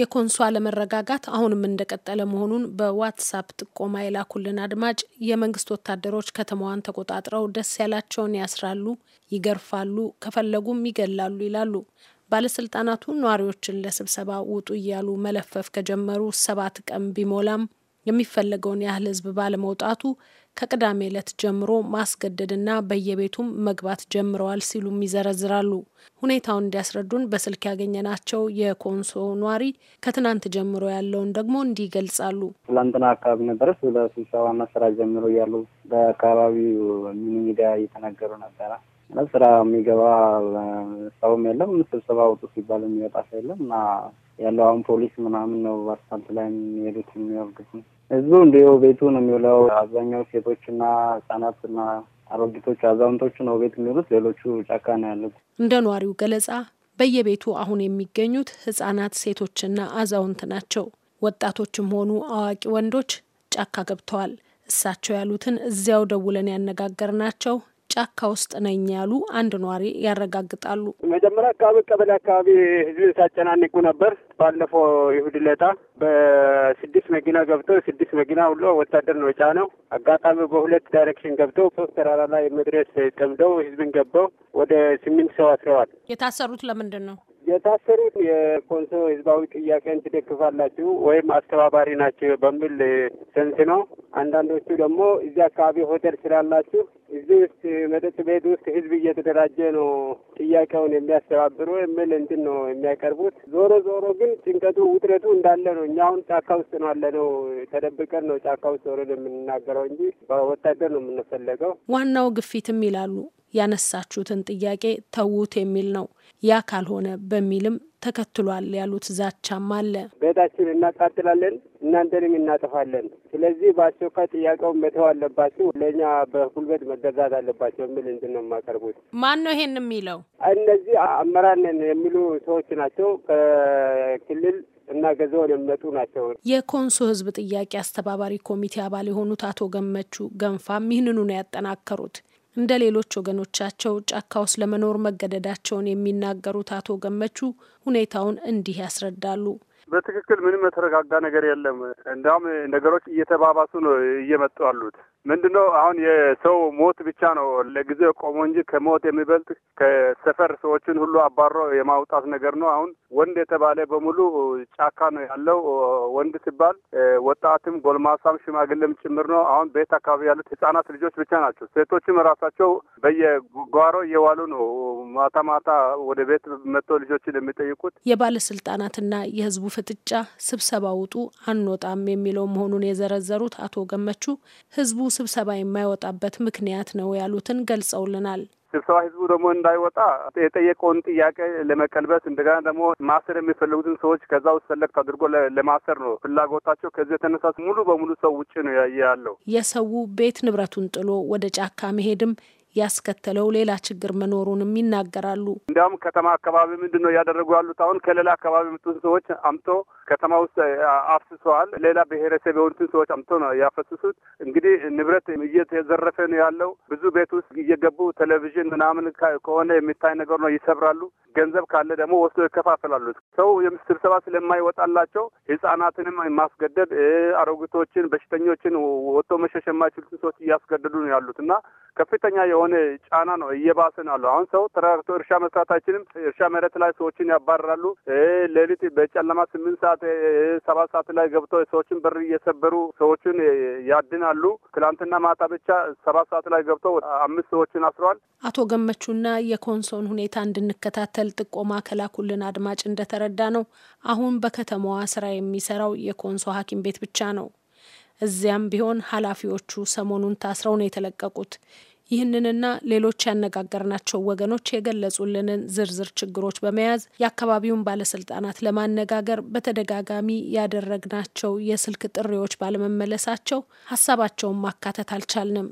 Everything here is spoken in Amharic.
የኮንሶ አለመረጋጋት አሁንም እንደቀጠለ መሆኑን በዋትሳፕ ጥቆማ የላኩልን አድማጭ የመንግስት ወታደሮች ከተማዋን ተቆጣጥረው ደስ ያላቸውን ያስራሉ፣ ይገርፋሉ፣ ከፈለጉም ይገላሉ ይላሉ። ባለስልጣናቱ ነዋሪዎችን ለስብሰባ ውጡ እያሉ መለፈፍ ከጀመሩ ሰባት ቀን ቢሞላም የሚፈለገውን ያህል ህዝብ ባለመውጣቱ ከቅዳሜ ዕለት ጀምሮ ማስገደድና በየቤቱም መግባት ጀምረዋል ሲሉም ይዘረዝራሉ። ሁኔታውን እንዲያስረዱን በስልክ ያገኘናቸው የኮንሶ ኗሪ ከትናንት ጀምሮ ያለውን ደግሞ እንዲህ ይገልጻሉ። ትላንትና አካባቢ ነበረ ስለ ስብሰባና ስራ ጀምሮ እያሉ በአካባቢው ሚኒ ሚዲያ እየተናገሩ ነበረ። ስራ የሚገባ ሰውም የለም፣ ስብሰባ ውጡ ሲባል የሚወጣ ሰው የለም እና ያለው አሁን ፖሊስ ምናምን ነው በአስፋልት ላይ የሚሄዱት የሚወርዱት ህዝቡ እንዲሁ ቤቱ ነው የሚውለው። አብዛኛው ሴቶችና ህጻናትና አሮጊቶች፣ አዛውንቶች ነው ቤት የሚውሉት። ሌሎቹ ጫካ ነው ያሉት። እንደ ነዋሪው ገለጻ በየቤቱ አሁን የሚገኙት ህጻናት፣ ሴቶችና አዛውንት ናቸው። ወጣቶችም ሆኑ አዋቂ ወንዶች ጫካ ገብተዋል። እሳቸው ያሉትን እዚያው ደውለን ያነጋገር ናቸው ጫካ ውስጥ ነኝ ያሉ አንድ ነዋሪ ያረጋግጣሉ። መጀመሪያ አካባቢ ቀበሌ አካባቢ ህዝብ ሲያጨናንቁ ነበር። ባለፈው ይሁድ ለታ በስድስት መኪና ገብቶ ስድስት መኪና ሁሉ ወታደር ነው የጫነው። አጋጣሚ በሁለት ዳይሬክሽን ገብተው ሶስት ተራራ ላይ መድረስ ጠምደው ህዝብን ገባው ወደ ስምንት ሰው አስረዋል። የታሰሩት ለምንድን ነው? የታሰሩት የኮንሶ ህዝባዊ ጥያቄን ትደግፋላችሁ ወይም አስተባባሪ ናቸው በሚል ሰንስ ነው። አንዳንዶቹ ደግሞ እዚህ አካባቢ ሆቴል ስላላችሁ እዚህ ውስጥ መጠጥ ቤት ውስጥ ህዝብ እየተደራጀ ነው ጥያቄውን የሚያስተባብሩ የሚል እንትን ነው የሚያቀርቡት። ዞሮ ዞሮ ግን ጭንቀቱ ውጥረቱ እንዳለ ነው። እኛ አሁን ጫካ ውስጥ ነው ያለ ነው ተደብቀን ነው ጫካ ውስጥ ወረድ የምንናገረው እንጂ በወታደር ነው የምንፈለገው ዋናው ግፊትም ይላሉ ያነሳችሁትን ጥያቄ ተዉት የሚል ነው። ያ ካልሆነ በሚልም ተከትሏል ያሉት ዛቻም አለ። ቤታችን እናቃጥላለን፣ እናንተንም እናጠፋለን። ስለዚህ በአስቸኳይ ጥያቄውን መተው አለባቸው፣ ለእኛ በጉልበት መገዛት አለባቸው የሚል እንትን ነው የማቀርቡት። ማን ነው ይሄን የሚለው? እነዚህ አመራር ነን የሚሉ ሰዎች ናቸው ከክልል እና ገዘውን የሚመጡ ናቸው። የኮንሶ ህዝብ ጥያቄ አስተባባሪ ኮሚቴ አባል የሆኑት አቶ ገመቹ ገንፋም ይህንኑ ነው ያጠናከሩት። እንደ ሌሎች ወገኖቻቸው ጫካ ውስጥ ለመኖር መገደዳቸውን የሚናገሩት አቶ ገመቹ ሁኔታውን እንዲህ ያስረዳሉ። በትክክል ምንም የተረጋጋ ነገር የለም። እንዲም ነገሮች እየተባባሱ ነው እየመጡ ያሉት። ምንድነው አሁን የሰው ሞት ብቻ ነው ለጊዜው ቆሞ እንጂ ከሞት የሚበልጥ ከሰፈር ሰዎችን ሁሉ አባሮ የማውጣት ነገር ነው። አሁን ወንድ የተባለ በሙሉ ጫካ ነው ያለው። ወንድ ሲባል ወጣትም፣ ጎልማሳም፣ ሽማግሌም ጭምር ነው። አሁን ቤት አካባቢ ያሉት ህጻናት ልጆች ብቻ ናቸው። ሴቶችም ራሳቸው በየጓሮ እየዋሉ ነው ማታ ማታ ወደ ቤት መጥቶ ልጆችን የሚጠይቁት። የባለስልጣናትና የህዝቡ ፍጥጫ ስብሰባ ውጡ አንወጣም የሚለው መሆኑን የዘረዘሩት አቶ ገመቹ ህዝቡ ስብሰባ የማይወጣበት ምክንያት ነው ያሉትን ገልጸውልናል። ስብሰባ ህዝቡ ደግሞ እንዳይወጣ የጠየቀውን ጥያቄ ለመቀልበስ እንደገና ደግሞ ማሰር የሚፈልጉትን ሰዎች ከዛ ውስጥ ሰለክት አድርጎ ለማሰር ነው ፍላጎታቸው። ከዚህ የተነሳ ሙሉ በሙሉ ሰው ውጭ ነው ያለው። የሰው ቤት ንብረቱን ጥሎ ወደ ጫካ መሄድም ያስከተለው ሌላ ችግር መኖሩንም ይናገራሉ። እንዲያውም ከተማ አካባቢ ምንድን ነው እያደረጉ ያሉት? አሁን ከሌላ አካባቢ የመጡትን ሰዎች አምጦ ከተማ ውስጥ አፍስሰዋል። ሌላ ብሔረሰብ የሆኑትን ሰዎች አምጦ ነው ያፈስሱት። እንግዲህ ንብረት እየተዘረፈ ነው ያለው። ብዙ ቤት ውስጥ እየገቡ ቴሌቪዥን ምናምን ከሆነ የሚታይ ነገር ነው ይሰብራሉ። ገንዘብ ካለ ደግሞ ወስዶ ይከፋፈላሉ። ሰው ስብሰባ ስለማይወጣላቸው ህጻናትንም ማስገደድ አሮጊቶችን፣ በሽተኞችን ወጥቶ መሸሽ የማይችሉትን ሰዎች እያስገደዱ ነው ያሉት እና ከፍተኛ የሆነ የሆነ ጫና ነው ነው ያለው። አሁን ሰው ተረጋግቶ እርሻ መስራታችንም እርሻ መሬት ላይ ሰዎችን ያባራሉ። ሌሊት በጨለማ ስምንት ሰዓት ሰባት ሰዓት ላይ ገብቶ ሰዎችን በር እየሰበሩ ሰዎችን ያድናሉ። ትላንትና ማታ ብቻ ሰባት ሰዓት ላይ ገብቶ አምስት ሰዎችን አስረዋል። አቶ ገመቹና የኮንሶን ሁኔታ እንድንከታተል ጥቆማ ከላኩልን አድማጭ እንደተረዳ ነው አሁን በከተማዋ ስራ የሚሰራው የኮንሶ ሐኪም ቤት ብቻ ነው። እዚያም ቢሆን ኃላፊዎቹ ሰሞኑን ታስረው ነው የተለቀቁት። ይህንንና ሌሎች ያነጋገርናቸው ወገኖች የገለጹልንን ዝርዝር ችግሮች በመያዝ የአካባቢውን ባለስልጣናት ለማነጋገር በተደጋጋሚ ያደረግናቸው የስልክ ጥሪዎች ባለመመለሳቸው ሀሳባቸውን ማካተት አልቻልንም።